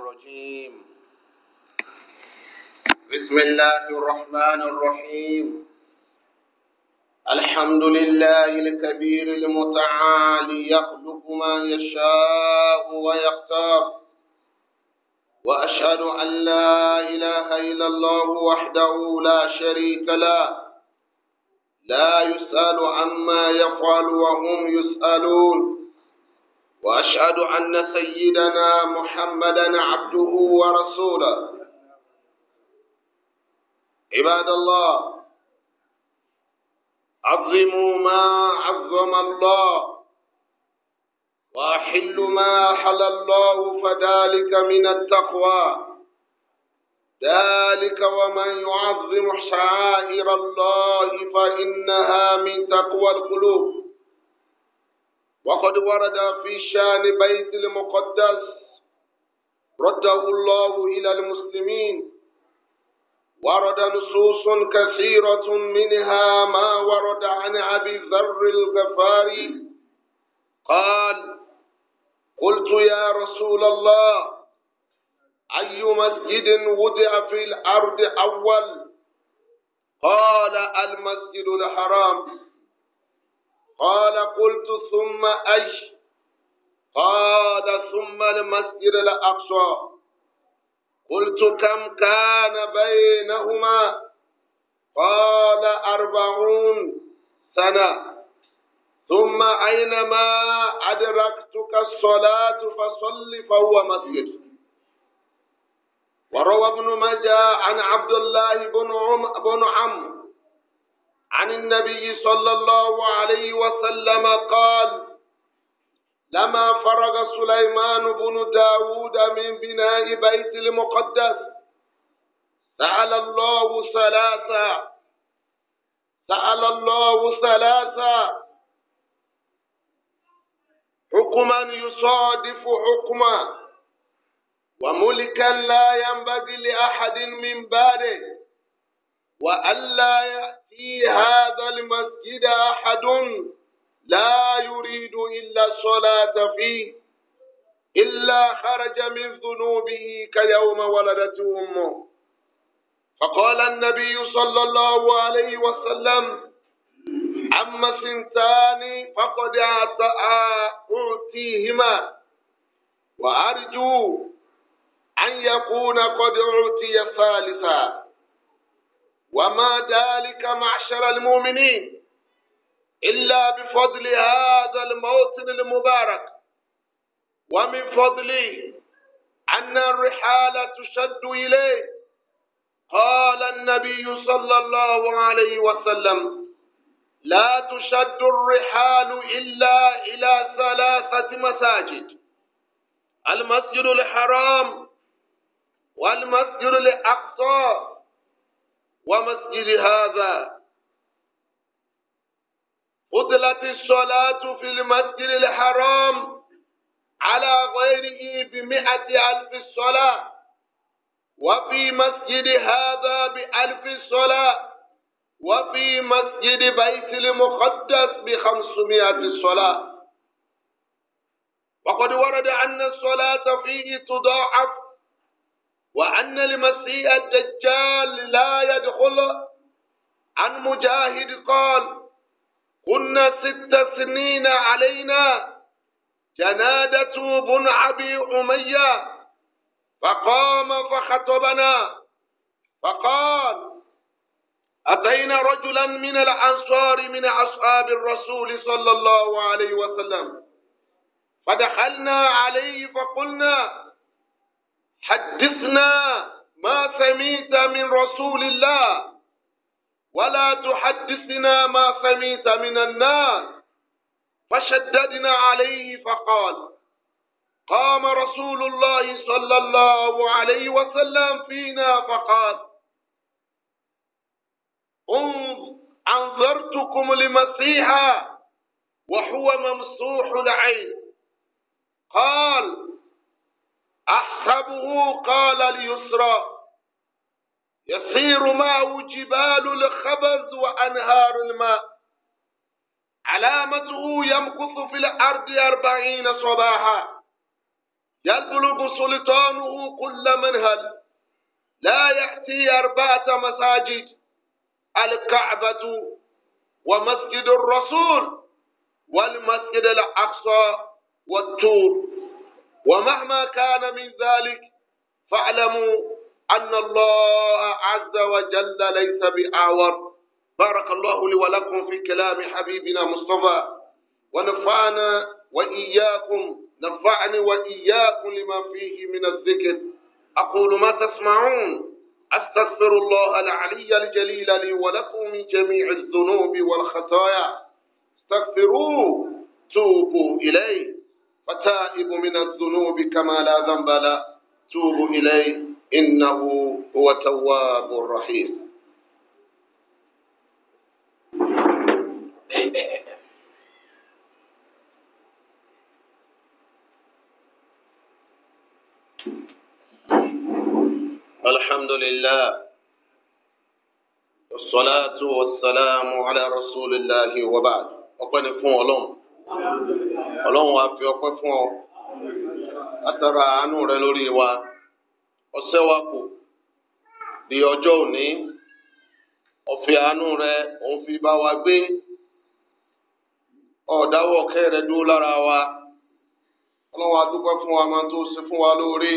الرجيم بسم الله الرحمن الرحيم الحمد لله الكبير المتعالي يخلق ما يشاء ويختار وأشهد أن لا إله إلا الله وحده لا شريك له لا يسأل عما يفعل وهم يسألون وأشهد أن سيدنا محمدا عبده ورسوله عباد الله عظموا ما عظم الله وأحل ما حل الله فذلك من التقوى ذلك ومن يعظم شعائر الله فإنها من تقوى القلوب وقد ورد في شان بيت المقدس رده الله إلى المسلمين ورد نصوص كثيرة منها ما ورد عن أبي ذر الغفاري قال قلت يا رسول الله أي مسجد وضع في الأرض أول قال المسجد الحرام قال قلت ثم أي قال ثم المسجد الأقصى قلت كم كان بينهما قال أربعون سنة ثم أينما أدركتك الصلاة فصل فهو مسجد وروى ابن ماجه عن عبد الله بن عم بن عمرو عن النبي صلى الله عليه وسلم قال لما فرغ سليمان بن داود من بناء بيت المقدس سأل الله ثلاثة سأل الله ثلاثة حكما يصادف حكما وملكا لا ينبغي لأحد من بعده وألا في هذا المسجد أحد لا يريد إلا الصلاة فيه إلا خرج من ذنوبه كيوم ولدته أمه فقال النبي صلى الله عليه وسلم أما سنتان فقد أعطيهما وأرجو أن يكون قد أعطي ثالثا وما ذلك معشر المؤمنين إلا بفضل هذا الموطن المبارك ومن فضله أن الرحال تشد إليه قال النبي صلى الله عليه وسلم لا تشد الرحال إلا إلى ثلاثة مساجد المسجد الحرام والمسجد الأقصى ومسجد هذا قتلت الصلاة في المسجد الحرام على غيره بمئة ألف صلاة وفي مسجد هذا بألف صلاة وفي مسجد بيت المقدس بخمسمائة صلاة وقد ورد أن الصلاة فيه تضاعف وأن المسيح الدجال لا يدخل عن مجاهد قال كنا ست سنين علينا جنادة بن أبي أمية فقام فخطبنا فقال أتينا رجلا من الأنصار من أصحاب الرسول صلى الله عليه وسلم فدخلنا عليه فقلنا حدثنا ما سمعت من رسول الله ولا تحدثنا ما سمعت من الناس فشددنا عليه فقال قام رسول الله صلى الله عليه وسلم فينا فقال أنظرتكم لمسيحا وهو ممسوح العين قال أحسبه قال اليسرى يسير ماء جبال الخبز وأنهار الماء علامته يمكث في الأرض أربعين صباحا يطلب سلطانه كل منهل لا يأتي أربعة مساجد الكعبة ومسجد الرسول والمسجد الأقصى والتور ومهما كان من ذلك فاعلموا أن الله عز وجل ليس بأعور بارك الله لي ولكم في كلام حبيبنا مصطفى ونفعنا وإياكم نفعني وإياكم لما فيه من الذكر أقول ما تسمعون أستغفر الله العلي الجليل لي ولكم من جميع الذنوب والخطايا استغفروه توبوا إليه وتائب من الذنوب كما لا ذنب له توب إليه إنه هو تواب الرحيم الحمد لله والصلاة والسلام على رسول الله وبعد وقال فون ọlọ́run wa fi ọpẹ́ fún ọ látara àánú rẹ lórí wa Ọsẹ wa kù di ọjọ́ òní ọ̀fẹ́ àánú rẹ òun fi bá wa gbé ọ̀dáwọ̀ ọ̀kẹ́ rẹ dúró lára wa ọlọ́run wa dúpẹ́ fún wa máa tó ṣe fún wa lórí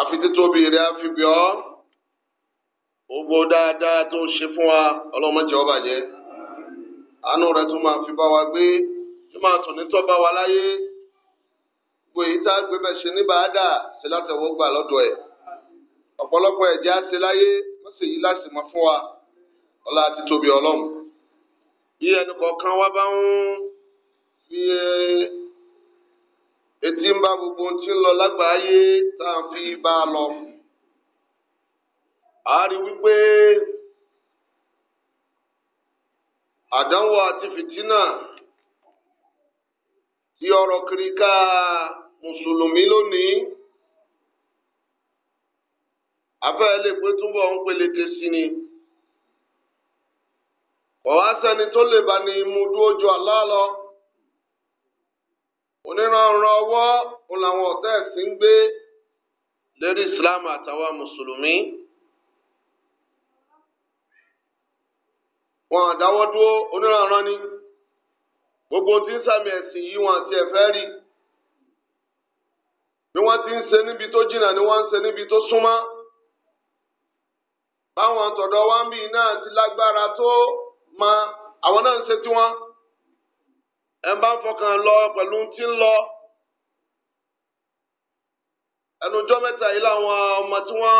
àfi títóbi rẹ àfi bíọ́ gbogbo dáadáa tó ṣe fún wa ọlọ́run má jẹ́ ó bàjẹ́. àánú rẹ tún máa fi bá wa gbé tún máa tún ní tọ́ bá wa láyé gbogbo èyí tá a gbé bẹ́ẹ̀ ṣe ní bàádà ṣe látẹ̀wọ́ gbà lọ́dọ̀ ẹ̀ ọ̀pọ̀lọpọ̀ ẹ̀jẹ̀ á ṣe láyé wọ́n sì yí láti mọ̀ fún wa ọlá àti tóbi ọlọ́run bí ẹnì kọ̀ọ̀kan wa bá ń fi e, etí ń bá gbogbo ohun tí ń lọ lágbàáyé tá à fi bá a lọ àárí wípé àdánwò àti fìtínà tí ọ̀rọ̀ kiri ká mùsùlùmí lónìí afẹ́ lè pé túbọ̀ ń pelété sí ni ọ̀wá sẹ́ni tó lè bá ní mú dúró ju àlá ọwọ́ òun làwọn ọ̀tá ẹ̀sìn ń gbé lérí Islam àtàwọn mùsùlùmí. wọn àdáwọ́ dúró oníranran ni gbogbo tí ń sàmì ẹ̀sìn yìí wọn àti ẹ̀fẹ́ rí bí wọ́n ti ń ṣe níbi tó jìnnà ni wọ́n ń ṣe níbi tó súnmọ́ báwọn tọ̀dọ̀ wá ń bì náà ti lágbára tó ma àwọn náà ń ṣe tiwọn ẹ bá ń fọkàn lọ pẹ̀lú tí ń lọ ẹnujọ́ mẹ́ta yìí làwọn ọmọ tí wọ́n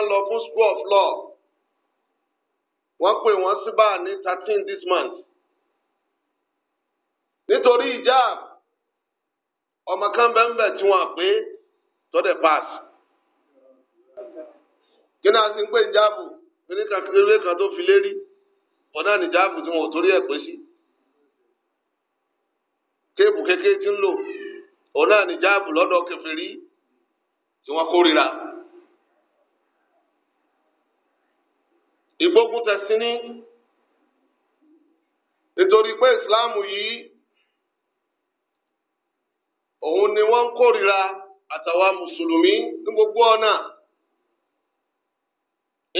ń lọ fún school of law wọ́n pè wọ́n sí báà ní thirteen this month nítorí ìjà ọmọ kan bẹ́ẹ̀ bẹ́ẹ̀ tí wọ́n pè tọ́dẹ̀ pass kí náà ti ń pè ìjáàbù ní kékeré kan tó fi lérí ọ̀nà ìjáàbù tí wọn ò torí ẹ̀ pé sí téèpù kékeré ti ń lò ọ̀nà ìjáàbù lọ́dọ̀ kèfèrí tí wọ́n kórìíra. ìgbógun tẹ̀sìn ní nítorí pé ìsìláàmù yìí òun ni wọ́n ń kórìíra àtàwa mùsùlùmí ní gbogbo ọ̀nà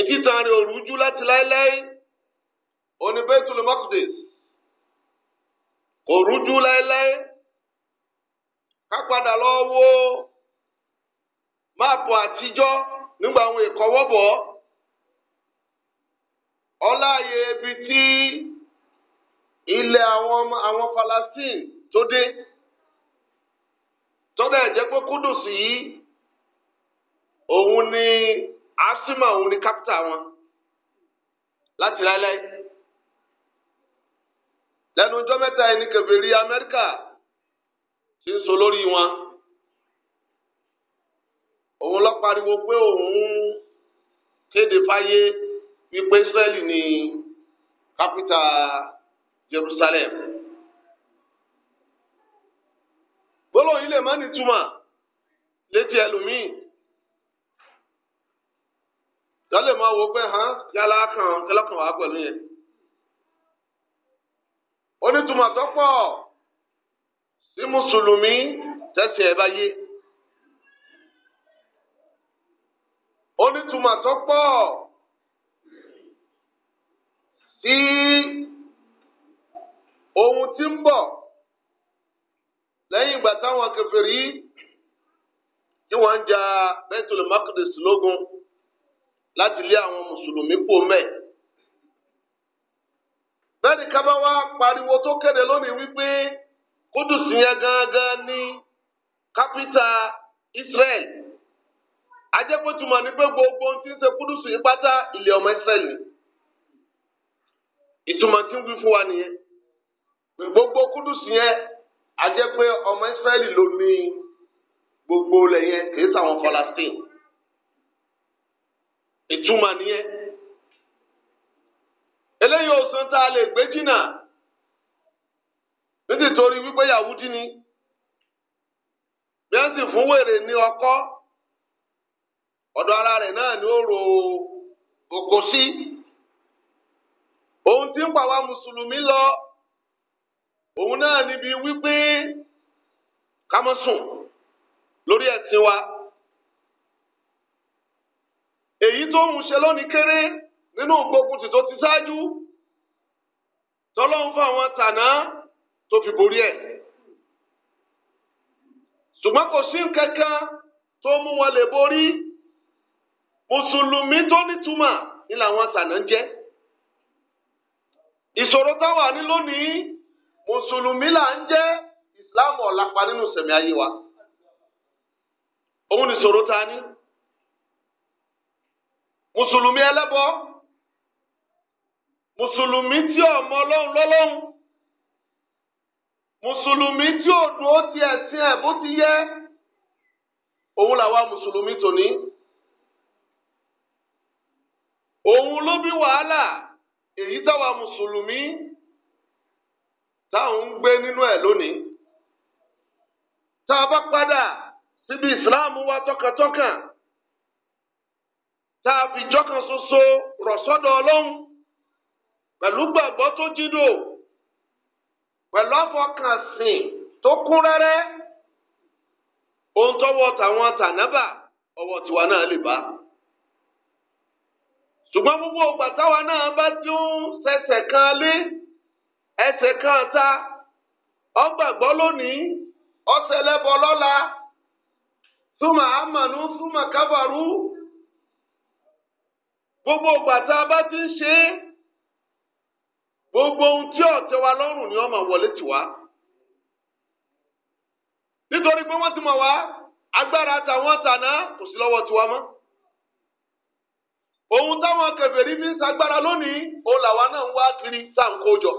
ìtìtàn rẹ̀ òrújú láti láéláé òní Baitul Maqdis kò rújú láéláé ká padà lọ máàpù àtijọ́ nígbà àwọn ìkọwọ́bọ̀ọ́ ọláyé ibi tí ilẹ̀ àwọn àwọn Palestine tó dé tọ́lá ẹ̀jẹ̀ pé kúdùsì yìí òun ni asima òun ni kápítà wọn láti láéláé lẹ́nu ọjọ́ mẹ́ta yìí kẹfìrí Amẹ́ríkà ti ń so lórí wọn òun lọ pariwo pé òun kéde fáyé ipe Israẹli ní kápítà Jerusalem gbólóhùn ilé má nítumọ̀ létí ẹlòmíì lọ́lẹ̀ máa wo pé hàn yálà kan ẹlọ́kan wàá pẹ̀lú yẹn onítùmọ̀ tó pọ̀ sí mùsùlùmí tẹ̀sí ẹ̀ bá yé onítùmọ̀ tó pọ̀. kí ohun ti ń bọ̀ lẹ́yìn ìgbà táwọn kèfèrí yìí tí wọ́n ń ja Baitul Maqdis lógun láti lé àwọn mùsùlùmí kú mẹ́. bẹ́ẹ̀ni pariwo tó kéde lónìí wípé Kúdùsì yẹn gangan ní kápítà Israel ní pé gbogbo ohun ti ń ṣe Kúdùsì yìí pátá ọmọ Israel ìtumọ̀ tí ń wí fún wa nìyẹn gbogbo kúdùsì yẹn a jẹ́ pé ọmọ ìsírẹ́lì ló ní gbogbo ilẹ̀ yẹn kìí sàwọn Palestine ìtumọ̀ nìyẹn eléyìí òsán tá a lè gbé jìnnà nítorí wípé Yahudi ni bí sì fún wèrè ní ara náà ni ó ro sí. ohun tí ń pàwá mùsùlùmí lọ òun náà níbi wípé ká mọ́ sùn lórí ẹ̀sìn wa èyí tó ń ṣe lónìí kéré nínú gbógun tì tó ti ṣáájú tọ́lọ́hún fún àwọn tàná tó fi borí ẹ̀ ṣùgbọ́n kò sí kankan tó mú wọn lè borí mùsùlùmí tó nítumọ̀ ni làwọn tàná ń jẹ́ ìṣòro táwa ní lónìí mùsùlùmí là ń jẹ́ ìsìláàmù ọ̀làpá nínú sẹ̀mí ayé wa òun nìṣòro ta ní mùsùlùmí ẹlẹ́bọ mùsùlùmí tí ọmọ ọlọ́run lọ́lọ́run mùsùlùmí tí òdù ó ti ẹ̀sìn ẹ̀ bó ti yẹ òun làwa mùsùlùmí tòní òun ló bí wàhálà. èyí táwa mùsùlùmí táwọn ń gbé nínú ẹ̀ lónìí tá a bá padà síbi ìsìláàmù wa tọkàntọkàn tá a fi jọkan ṣoṣo rọ̀ sọ́dọ̀ ọlọ́run pẹ̀lú gbàgbọ́ tó jídò pẹ̀lú àfọkànsìn tó kún rẹ́rẹ́ ohun tọ́wọ́ tàwọn tànábà ọwọ́ tiwa náà lè bá. ṣùgbọ́n gbogbo ògbà táwa náà bá tún ṣẹ̀ṣẹ̀ kan lé ẹsẹ̀ kan ta ọgbàgbọ́ lónìí ọ̀sẹ̀lẹ̀bọ̀ lọ́la súnmọ́ àmàlú súnmọ́ kábàrú gbogbo ògbà tá a bá ti ń ṣe é gbogbo ohun tí ọ̀tẹ̀ wa lọ́rùn ni wọ́n máa wọlé tì wá nítorí pé wọ́n ti mọ̀ wá agbára tàwọn tàná kò sí lọ́wọ́ tiwa mọ́. ohun táwọn kèfèrí fi ń sagbára lónìí òun làwa náà ń wá kiri tá à ń kó jọ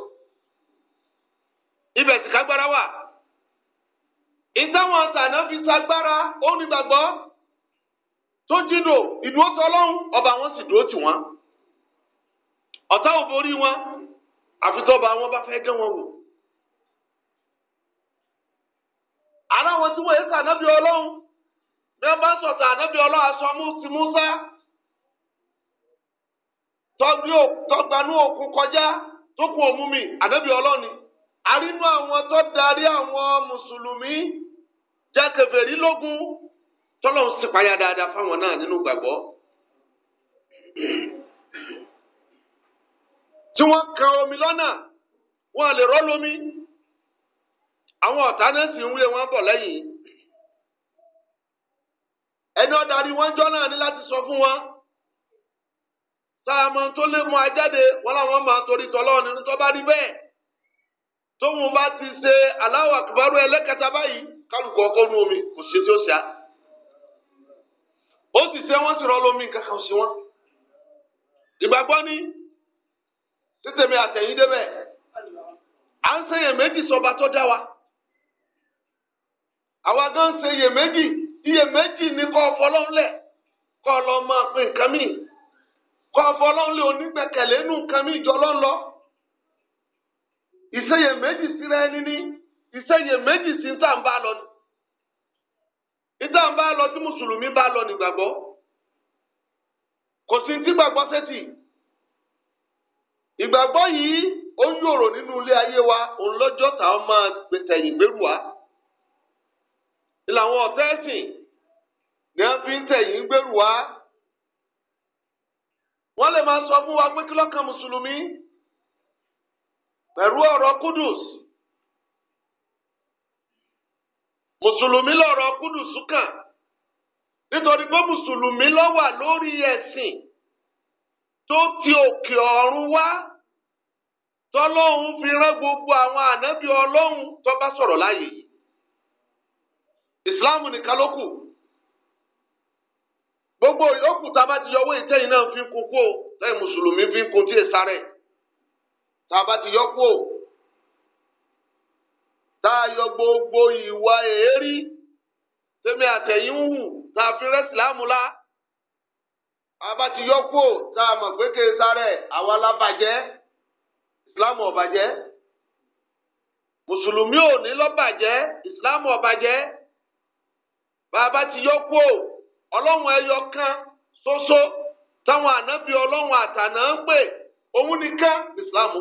sì kágbára wà ìtàwọn tànà fi sagbára tó jìnnà ọba wọn sì dúró tì ò borí wọn wọn bá fẹ́ gẹ́ wọn wò. ara tí wọ́n yẹ sànábì ọlọ́run bí wọ́n bá ń sọ̀tà Musa. tọgbanú òkun kọjá tó kún òmú mi ànábì ọlọ́ni àrínú àwọn tó darí àwọn mùsùlùmí jẹ́ kèfèrí lógún tọ́lọ́hún sì payá dáadáa fáwọn náà nínú gbàgbọ́. tí wọ́n ka omi lọ́nà wọ́n lè rọ́ lómi àwọn ọ̀tá náà sì ń wé wọn bọ̀ lẹ́yìn ẹni ọ̀darí wọn jọ náà ní láti sọ fún wọn. sáàmù tó lé mu ajáde wọn làwọn máa torí tọ́lọ́ nínú tó bá rí bẹ́ẹ̀ tóun bá ti ṣe Allahu Akbar ẹlẹ́kẹta báyìí kálukọ̀ ọkọ nu omi kò sí tí ó ṣe á ó sì ṣe wọ́n sì rọ́ lómi kankan sí wọn ìgbàgbọ́ ni títẹ̀mí àtẹ̀yìn débẹ̀ à ń sẹ́yìn méjì sọba tó dá wa àwa gan ń sẹ́yìn méjì iyèméjì ni kọ́ ọ̀fọ́ lọ́nlẹ̀ kọ́ ọ lọ́ọ́ máa pín nǹkan mìíràn kọ́ ọbọlọ́nlé onígbẹ̀kẹ̀lé nù kan mí ìjọ lọ́lọ́ ìṣeyè méjì síra ẹni ní ìṣeyè méjì sí ìtàǹbá lọ ní ìtàǹbá lọ tí mùsùlùmí bá lọ nígbàgbọ́ kò sí tí gbàgbọ́ sẹ́tì ìgbàgbọ́ yìí ó ń yòrò nínú ilé ayé wa òun lọ́jọ́ tá a máa tẹ̀yìn gbèrú wa ìlànà ọ̀tẹ́ẹ̀sìn ni wọ́n fi ń tẹ̀yìn gbèrú wa. wọ́n lè máa sọ fún wa pé kí ọ̀rọ̀ kudus mùsùlùmí lọ̀rọ̀ kudus kàn nítorí pé mùsùlùmí lọ wà lórí ẹ̀sìn tó ti òkè ọ̀run wá tọ́lọ́hún fi rán gbogbo àwọn ànábì bá sọ̀rọ̀ láàyè yìí gbogbo ìyókù tá a bá ti yọwọ́ ìtẹ́yìn náà fi kún kó lẹ́yìn mùsùlùmí fi kún tí èsà rẹ̀ tá a bá ti yọ kó tá a yọ gbogbo ìwà èérí tẹ́mi àtẹ̀yìn ń hù tá a fi rẹ́sìlámù la a bá ti yọ kó tá a mọ̀ pé kí èsà rẹ̀ àwa la bàjẹ́ ìsìlámù ò mùsùlùmí ò ní lọ́bàjẹ́ ìsìlámù ò bá a bá ti yọ kó. ọlọ́run ẹyọ kan ṣoṣo táwọn ànábì ọlọ́run àtàná ń pè òun nìkan islam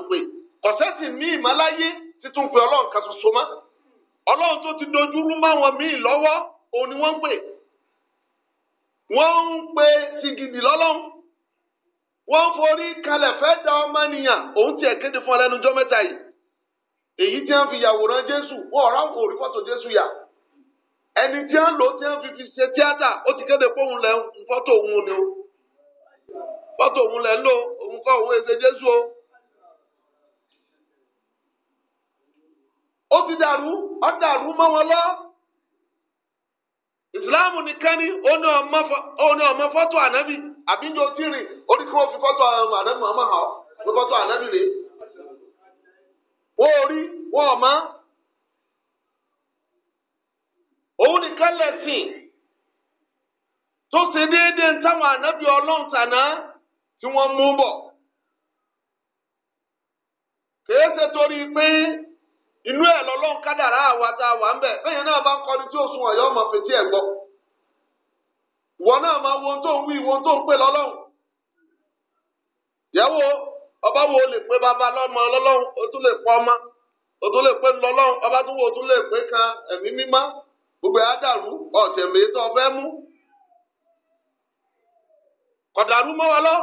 pè ní ìmáláyé títún pe ọlọ́run kan ṣoṣo mọ́ ọlọ́run tó ti dojúrú máwọn míì lọ́wọ́ òun ni wọ́n ń pè wọ́n ń pe sigidi lọ́lọ́run wọ́n ń forí kalẹ̀ fẹ́ da òun kéde fún ẹni tí a ń lò tí a fi fi ṣe tíátà ó ti kéde pé òun lẹ ń fọ́tò òun ni o fọ́tò òun lẹ ń lò òun kọ́ òun èsè Jésù o. ó ti dàrú ó dàrú mọ́ wọn lọ nìkan ni ó ní ọmọ fọ́tò ànábì àbí ní ojú rìn kí wọ́n fi fọ́tò um, ànábì mọ́ ọmọ hàn ó fi fọ́tò òun nìkan lẹ̀sìn tó ṣe déédéé táwọn ànábì ọlọ́run tàná tí wọ́n mú bọ̀. kèé ṣe torí pé inú ẹ̀ lọ́lọ́run kádàrá àwa tá a wà ń bẹ̀ bẹ́ẹ̀ náà bá ń kọ́ni tí òsùn ọ̀yọ́ ọmọ fetí ẹ̀ gbọ́. ìwọ náà máa wo ohun tó ń wí ìwọ tó ọba wo lè pe bàbá lọ́mọ lọ́lọ́run o tún lè pọ́ ọmọ o tún lè pe lọ́lọ́run ọba wo o tún lè ka kan ẹ̀mí gbogbo ya dàrú ọ̀tẹ̀mí tó fẹ́ mú kọ̀dàrú mọ́ wa lọ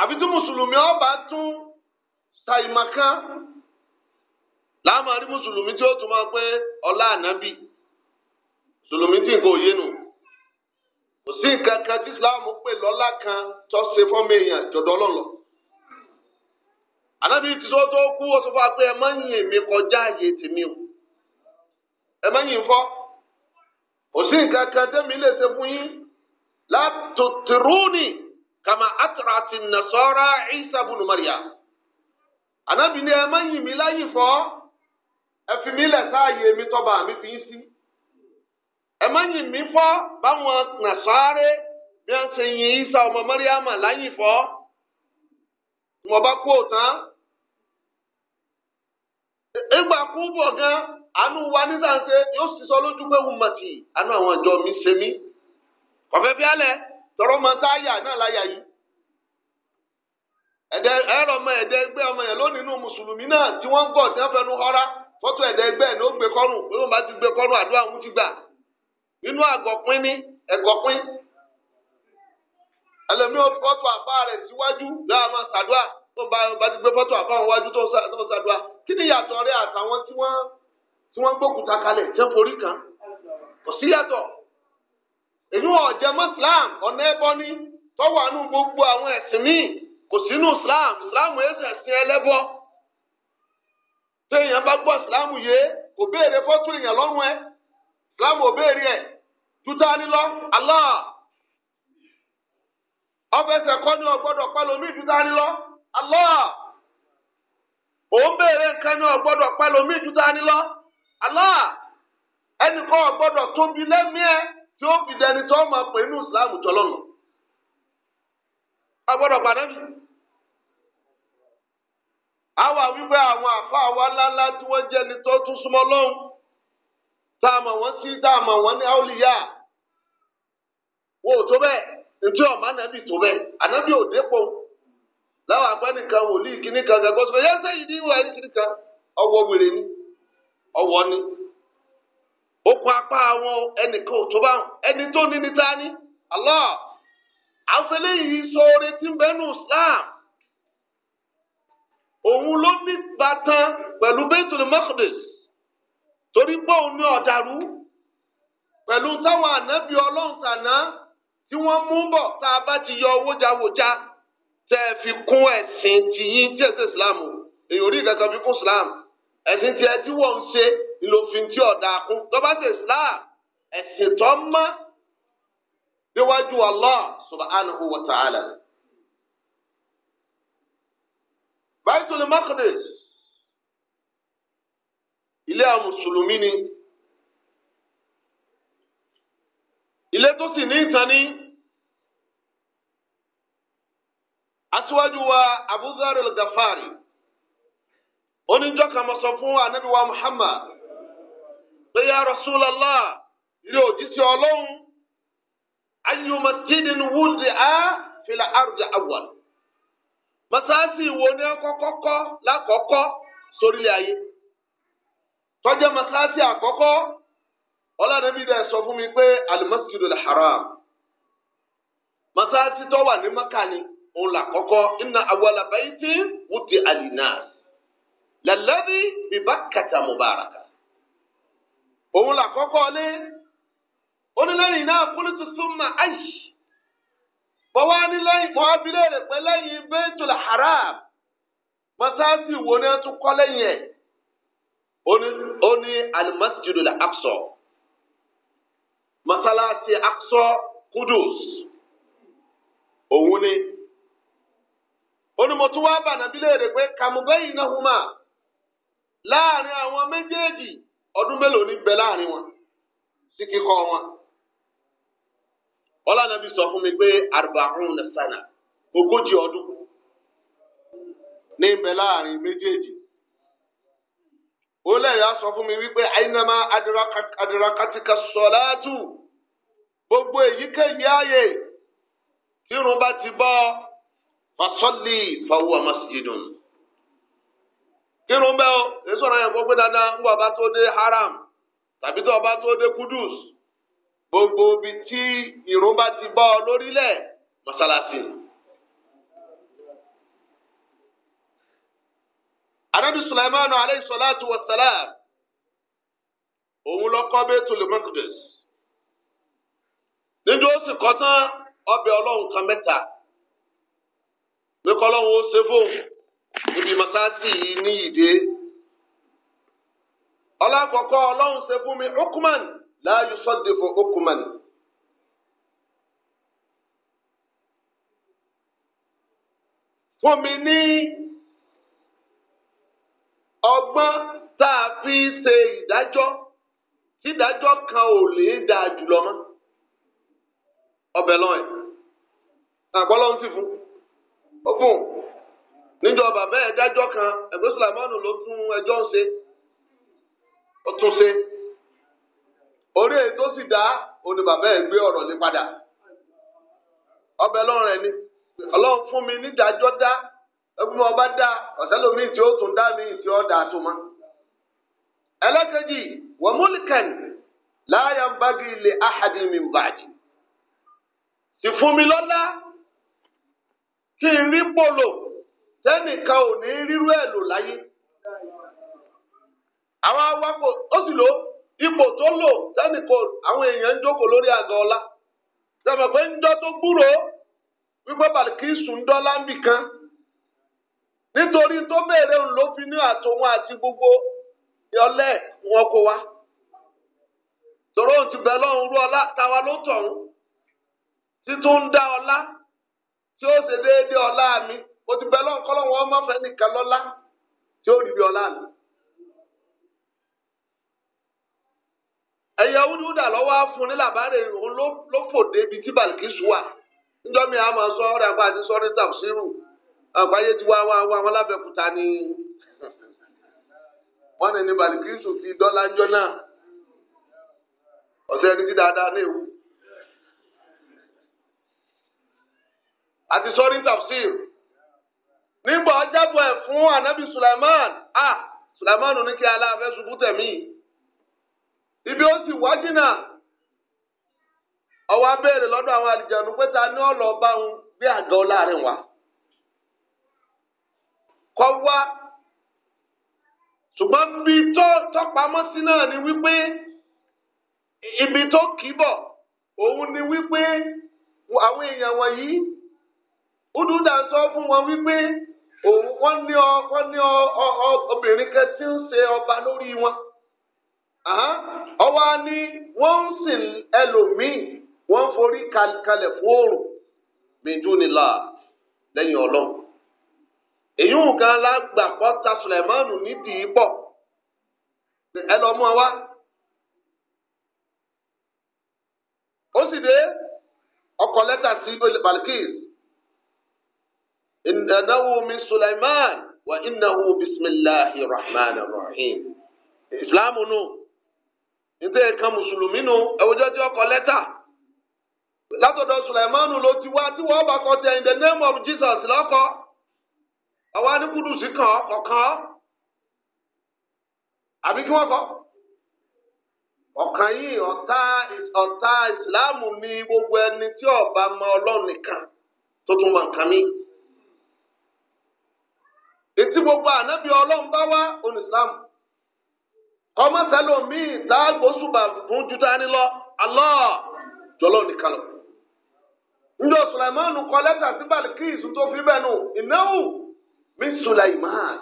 àbí tí mùsùlùmí ọba tún ṣàìmọ̀ká láàmú àrí mùsùlùmí tí ó tún máa pé ọlá ànábì mùsùlùmí tí nǹkan òye nù kò sí nǹkan kan tí islam pè lọ́lá kan tó ṣe fọ́mọ èèyàn jọ̀dọ̀ ọlọ́lọ́ ànábì tí ó tó kú ó sọ fún wa pé ẹ má yìn mí kọjá àyè tèmi o. ẹ̀mẹ́yìn fọ́ òsì nǹkan kan tẹ́mi lè ṣe fún yín látòtìrúnì kàmá àtúràtì nàṣọ́ra ìṣàbùnú Maria ànábì ni ẹ̀mẹ́yìn mi láyìn fọ́ mi lẹ̀ sáàyè mi tọ́ba mi fi ń sí ẹ̀mẹ́yìn mi fọ báwọn nàṣọ́rẹ́ bí wọ́n ṣe yin isa ọmọ Maria láyìn fọ, mo kú òtán. ìgbà kú bọ̀ gan àánú wa ní sàǹsẹ̀ yóò sì sọ lójú pé wù mọ̀tì àánú àwọn ìjọ mi ṣe mí kọ̀fẹ́ bí alẹ̀ tọrọ mọ táyà náà láyà yìí ẹ̀dẹ̀ ẹ̀rọ ọmọ ẹ̀dẹ̀ ẹgbẹ́ ọmọ yẹn lónìí nínú mùsùlùmí náà tí wọ́n ń gọ̀ tí wọ́n fẹnu họra fọ́tò ẹ̀dẹ̀ ẹgbẹ́ ẹ̀ ló gbé kọ́rùn pé wọ́n bá ti gbé kọ́rùn àdúrà wọn ti gbà nínú àgọ̀pín ní ẹ̀gọ̀pín ẹlẹ́mi ó fọ́tò àbá rẹ̀ síwájú láàmú sàdúà tó bá ti gbé fọ́tò àbá wọn wájú tó sàdúà kí ni yàtọ̀ rẹ àtàwọn tí wọ́n tí wọ́n gbókùtà kalẹ̀ jẹ́ forí kan kò sí yàtọ̀ inú wọn ọ̀jẹ̀ Islam ọ̀nà ẹbọ ni tọ́wọ́ àánú gbogbo àwọn ẹ̀sìn míì kò sínú Islam Islam ẹ̀sìn ẹ̀sìn ẹlẹ́bọ téèyàn bá gbọ́ Islam yé kò béèrè fọ́tún èèyàn lọ́rùn Islam ò béèrè tuta ni lọ Allah ọgbọ́dọ̀ pálọ̀ mí tuta ni o ń béèrè nǹkan ní ọ̀gbọ́dọ̀ pẹ́lómi ju dání lọ Allah ẹnìkan ọ̀gbọ́dọ̀ tóbi lẹ́mí ẹ tí ó fi dẹni tó pè ní Islam jọlọ́nà ọ̀gbọ́dọ̀ gbàdẹ́bì. àwa wípé àwọn àfa àwa tí wọ́n jẹ́ ni tó tún súnmọ́ lọ́hùn tá a mọ̀ wọ́n sí tá a mọ̀ wọ́n ní tó bẹ́ẹ̀ tó bẹ́ẹ̀ láwọn apẹ́nìkan wòlíì kíní kan gàgọ́ sọ yẹn sẹ́yìn ní ìwà ẹni kíní kan ọwọ́ wèrè ni ọwọ́ ni okùn apá àwọn ẹnìkan ò tó bá ẹni tó ní ní tání Allah àwọn eléyìí sọ orin tí ń bẹnu Islam òun ló ní bàtàn pẹ̀lú Baitul Maqdis torí pé òun ní ọ̀dàrú pẹ̀lú táwọn ànábì ọlọ́run tàná tí wọ́n mú bọ̀ tá a bá ti yọ owó jáwòjá. Ja tẹ́ ẹ fi kún ẹ̀sìn ti yín tí ẹ̀sìn islam èyí ò rí kankan fi kún islam ẹ̀sìn tí ẹ tí wọ́n ń ṣe ìlòfin tí ọ̀dà kún lọ́ba ṣe islam ẹ̀sìn tó mọ́ níwájú Allah subhanahu wa ta'ala. Baitul Maqdis ilé àwọn mùsùlùmí ni ilé tó sì ní ìtàn ní. aṣíwájú wa abuzar al-gafari oníjọ́ kan mọ̀ sọ fún anabi wa muhammad pé ya rasulallah ilé òjíṣẹ́ ọlọ́run ayyu masjidin wudi'a fil ardi awwal masáàsì wo ni kọ́kọ́ kọ́ lákọ́kọ́ sórílẹ̀ ayé tọ́jà masáàsì àkọ́kọ́ ọlọ́dẹ́bí dẹ̀ sọ fún mi pé al-masjidul haram masáàsì tó wà ní maka ni òun là kọ́kọ́ inna awwala bayti wudi alinas lalladhi bi Bakkata mubaraka òun là kọ́kọ́ lé onílẹ́yìn náà kúlùtù súnmọ́ ayì bọ́wá ní lẹ́yìn bọ́wá bí léèrè pé lẹ́yìn Baitul Haram mọ́sáàsì wo ni wọ́n tún kọ́ lẹ́yìn ẹ̀ ó ní al-Masjidul Aqsa mọ́sálásí Aqsa Kudus òun ni. ó ní mo tún wá bà nàbí léèrè pé kàmùbẹ́yìn náà hùmà láàrin àwọn méjèèjì ọdún mélòó ní bẹ láàrin wọn sí kíkọ́ wọn ọlànàbí sọ fún mi pé arba'un sana ogójì ọdún ní bẹ láàrin méjèèjì ó lẹ́yìn gbogbo èyíkéyìí ààyè tírun bá ti bọ́ ọ. fasọ́lì fawọ́ masjidun. kírun bẹ́ẹ̀ o èso ọ̀rọ̀ yẹn kó pé dandan ń bọ̀ bá tó dé haram tàbí tó bá tó dé kudus gbogbo ibi tí ìrun bá ti bọ́ ọ lórílẹ̀ mọ́sálásí. anabi sulaimanu alayhi salatu wa salam òun lọ kọ́ Baitul Maqdis níjọ́ ó sì kọ́ tán ọbẹ̀ ọlọ́run kan mẹ́ta pé kọ́lọ́hún ó ṣe fóun níbi mọ́sáàsì yìí ní ìdè. ọlọ́kọ̀ọ́kọ́ ọlọ́run ṣe fún mi ukman láàyò sọ́dẹ̀kọ̀ ukman. fún mi ní ọgbọ́n tá a fi ṣe ìdájọ́ tí ìdájọ́ kan ò lè dáa jùlọ mọ́ ọbẹ̀ lọ́yìn àgbọ́lọ́hún sì fún un. ọgbọ̀n níjọba bẹ́ẹ̀ dájọ́ kan ẹgbẹ́ sùlámánù ló tún ẹjọ́ ń ṣe ó ṣe orí tó sì dá òní bàbá ẹ̀ lé padà ọbẹ fún mi dá ọba dá tí ó tún dá mi tí ó tó ẹlẹ́kẹ̀jì áhàdì mi kí n rí polo tẹ́nìkan ò ní rírú ẹ̀ lò láyé àwọn awakọ̀ ó sì lò ipò tó lò tẹ́nìkan àwọn èèyàn ń jókòó lórí àga ọlá sọmọ pé ń jọ tó gbúrò wípé bàlìkísù ń dọ́là nítorí tó béèrè òun gbogbo wọn wa òun ti rú ọlá ló tí ó ṣe déédéé ọlá mi mo ti bẹ lọ́nkọ́lọ́wọ́ ọmọ fẹ́ nìkan lọ́lá tí ó rí bí ọlá mi. ẹ̀yẹ wúdúdà lọ́wọ́ á fún ní làbárẹ̀ òun ló fòde ibi tí bàlìkísù wà níjọ́ mi àmọ́ sọ ọ́rẹ́ àgbà àti sọ́rí tàbùsírù àgbáyé ti wá wá wá wọn lábẹ́kúta ni wọ́n ní ní bàlìkísù fi dọ́là jọ náà ọ̀sẹ̀ ẹni tí dáadáa ní ewu. àti sọ́rí tafsir nígbà ọjàbọ̀ ẹ̀ fún anabi Sulaiman ah Sulaiman ní kí aláàfẹ́ ṣubú tẹ̀mí ibi ó sì wá jìnnà ọwọ́ abéèrè lọ́dọ̀ àwọn àlìjànú pé ta ni ọ̀lọ́ bá ń gbé àgọ́ láàrin wa kọ́ wá ṣùgbọ́n bí tó tọ́pamọ́ sí náà ni wípé ibi tó kì í bọ̀ òun ni wípé àwọn èèyàn wọ̀nyí Ududa sọ fún wọn wípé òun wọ́n ní ọ wọ́n ní ọ obìnrin kan tí ń ṣe ọba lórí wọn. Ọwọ́ á ní ń sìn ẹlòmíì wọ́n forí kalẹ̀ fún oòrùn bìdúnilà lẹ́yìn ọlọ́run. Èyí nǹkan alágbà pọ́ si Sùlẹ̀mánù nídìí ẹ lọ mú إنه من سليمان وإنه بسم الله الرحمن الرحيم إسلام نو إنت كمسلمين أوجد يقول látọ̀dọ̀ sùlẹ̀mánu ló ti wá tí wọ́n bá kọ in the name of Jesus lọ́kọ̀ àwa ní kan ọ̀kan àbí kí wọ́n yìí ni gbogbo ẹni tí ó bá mọ tó etí gbogbo ànábì ọlọ́run bá wá onísìlámù kọ́mọ́sálòmíì tá a fún ju lọ alọ́ jọlọ́ nìkan lọ. ndé Sulaiman kọ lẹ́tà sí Balikis tó fi bẹ́ẹ̀ ìnáwó mi Sulaiman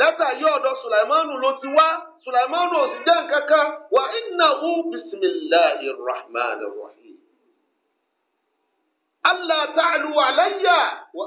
Leta yí ọdọ Sulaiman ló ti wá Sulaiman ò sì nǹkan kan wà bisimilahi rahman rahim. Allah alayya wa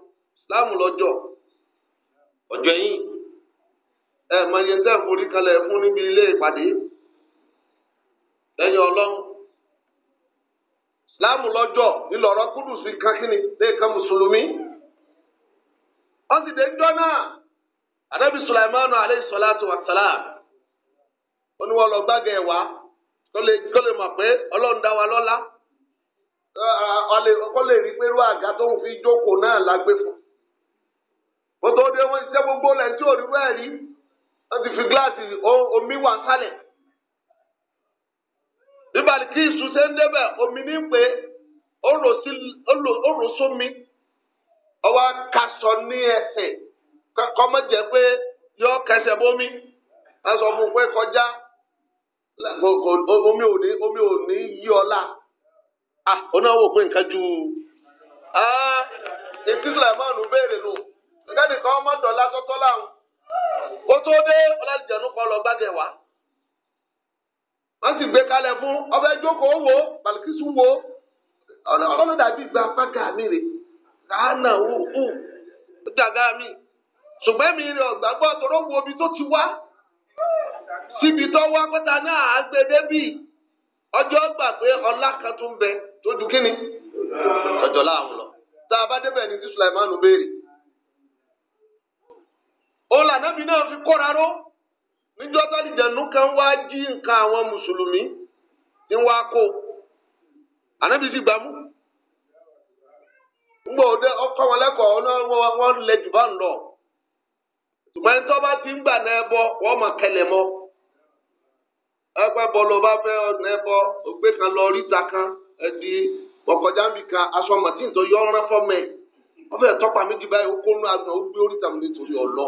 láàmù lọ́jọ́ ọjọ́ yìí ẹ mọ iye tẹ́ ń forí kalẹ̀ fún níbi ilé ìpàdé lẹ́yìn ọlọ́run láàmù lọ́jọ́ ńlọrọ kúdùsù kankini lẹ́ẹ̀kan mùsùlùmí wọ́n ti dé ńjọ́ náà sulaimanu aleyhi salatu wa salam ó ní lọ lè mọ̀ pé ọlọ́run dá wa kó lè rí pé irú àga tó ń fi jókòó náà fún wọ́n tó dé wọ́n gbogbo lẹ̀ tí òrìrú ẹ̀ rí wọ́n ti fi gíláàsì omi wà sálẹ̀ ìbàlẹ̀ kí ìṣù ṣe ń omi ní pé ó rò sómi ọwọ́ ní ẹsẹ̀ kọ́mọ́jẹ́ pé yọ kẹsẹ̀ bómi wọ́n sọ fún un pé kọjá omi ò ní omi ò ní yí ọlá ah onáwó pé nǹkan ju ah kẹ́nìkan ọmọ dọ̀la tọ́tọ́ láwọn kó tó dé ọlọ́dìjọ́nù kan lọ gbé fún jókòó wo Balikisu wo gba mi rè ó ó dàgá mi ṣùgbọ́n mi rè ọ̀gbàgbọ́ tọ́rọ́ wo omi tó ti wá síbi tó wá pẹ́ta náà á gbé débì ọjọ́ gbà pé ọlá kan tó ń bẹ tó ju òun lànàbí náà fi kóra ró níjọ́ tálìjànú kan wá jí nǹkan àwọn mùsùlùmí ní wá kó ànábì sì gbàmú ọkọ wọn lẹ́kọ̀ọ́ wọn wọn lẹ jù bá ń lọ ẹni tó bá ti ń gbà náà bọ wọ́n mọ̀ kẹlẹ̀ mọ́ ẹgbẹ́ bọ́ bá fẹ́ ọ̀nà ògbé kan lọ kan ẹdí aṣọ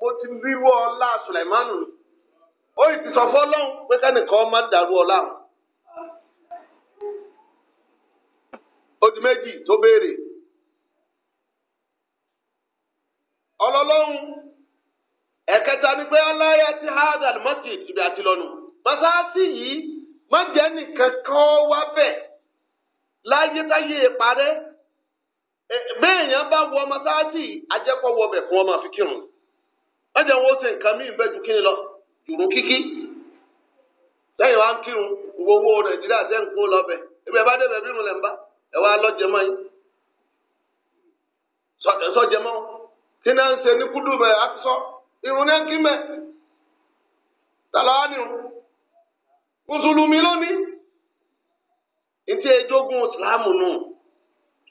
mo ti rírú ọlá Sùlẹ̀mánù ó ti sọ fọlọ́hún pé kẹ́nìkan má dàrú ọlá àwọn. ó méjì tó béèrè ọlọ́lọ́hún ẹ̀kẹta ni pé aláya ti hadal dị ibi àti lọ́nu masáàsì yìí má jẹ́ nìkan kan wá bẹ̀ bá e wọn ó ṣe nǹkan míì bẹ́ẹ̀ ju kíni lọ ìró kíkí lẹ́yìn wa ń kírun owó owó nàìjíríà jẹ́ nǹkó lọ́bẹ̀ ibẹ̀ bá débẹ̀ bírun lẹ̀ ń bá ẹ̀ wá lọ́jẹ̀ mọ́ yín sọ́jẹ̀ mọ́ kí náà ń ṣe ní irun kí á nìrun mùsùlùmí lónìí ntí ejogun ìsìlámù nù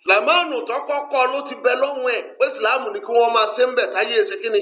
làmánù tọkọ kọ ló ti bẹ lọ́hùn ẹ̀ pé ìsìlámù ni kí wọ́n máa ṣe ń táyé kíni.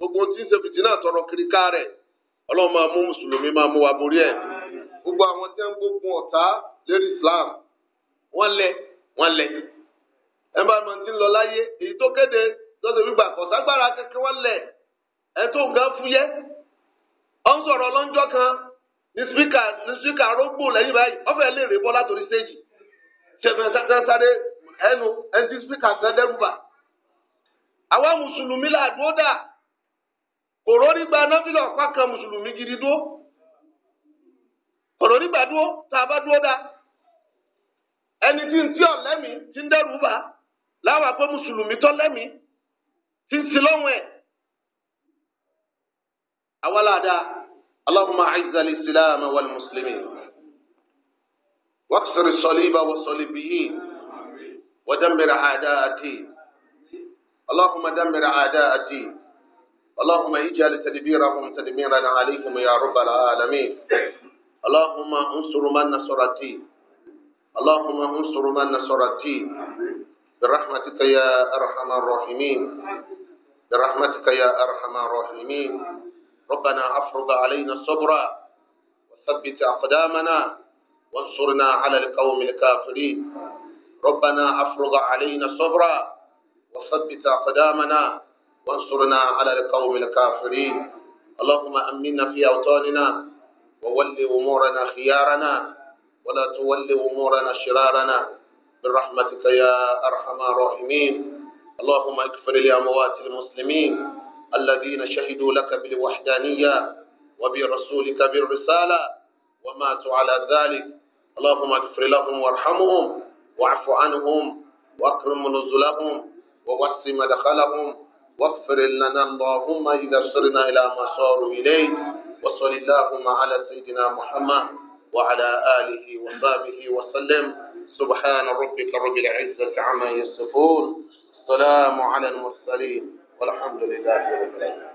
gbogbo tí ń tọrọ kiri ká rẹ̀ ọlọ́run mùsùlùmí máa mú wa borí gbogbo àwọn tí wọ́n gbógun lérí Islam wọn lẹ̀ wọn lẹ̀ ẹ bá ń lọ láyé èyí tó kéde lọ́sẹ̀ gbígbà ẹ tó ọ ń sọ̀rọ̀ kan ní ní arógbò báyìí lè rè látòrí stéèjì sáré ẹnu ẹni tí bà kòró nígbà nọ́fìlà ọ̀pá kan mùsùlùmí gidi dúró kòró nígbà dúró tá a bá dúró dá ẹni tí ń tí ọ̀lẹ́mí tí ń dẹ́rù bá láwọn àpé mùsùlùmí tó lẹ́mí tí ń sin lọ́wọ́ ẹ̀. àwa láàdá Allahumma a'izzal islam wal muslimin waqsir as-saliba was-salibiyyin wa dammir a'da'ati Allahumma dammir a'da'ati. اللهم اجعل تدبيرهم تدميرا عليهم يا رب العالمين اللهم انصر من نصر الدين اللهم انصر من نصر الدين برحمتك يا ارحم الراحمين برحمتك يا ارحم الراحمين ربنا افرض علينا الصبر وثبت اقدامنا وانصرنا على القوم الكافرين ربنا افرض علينا الصبر وثبت اقدامنا وانصرنا على القوم الكافرين اللهم أمنا في أوطاننا وول أمورنا خيارنا ولا تول أمورنا شرارنا برحمتك يا أرحم الراحمين اللهم اغفر لأموات المسلمين الذين شهدوا لك بالوحدانية وبرسولك بالرسالة وماتوا على ذلك اللهم اغفر لهم وارحمهم واعف عنهم واكرم نزلهم ووسع مدخلهم واغفر لنا اللهم إذا صرنا إلى ما صاروا إليه وصل اللهم على سيدنا محمد وعلى آله وصحبه وسلم سبحان ربك رب العزة عما يصفون السلام على المرسلين والحمد لله رب العالمين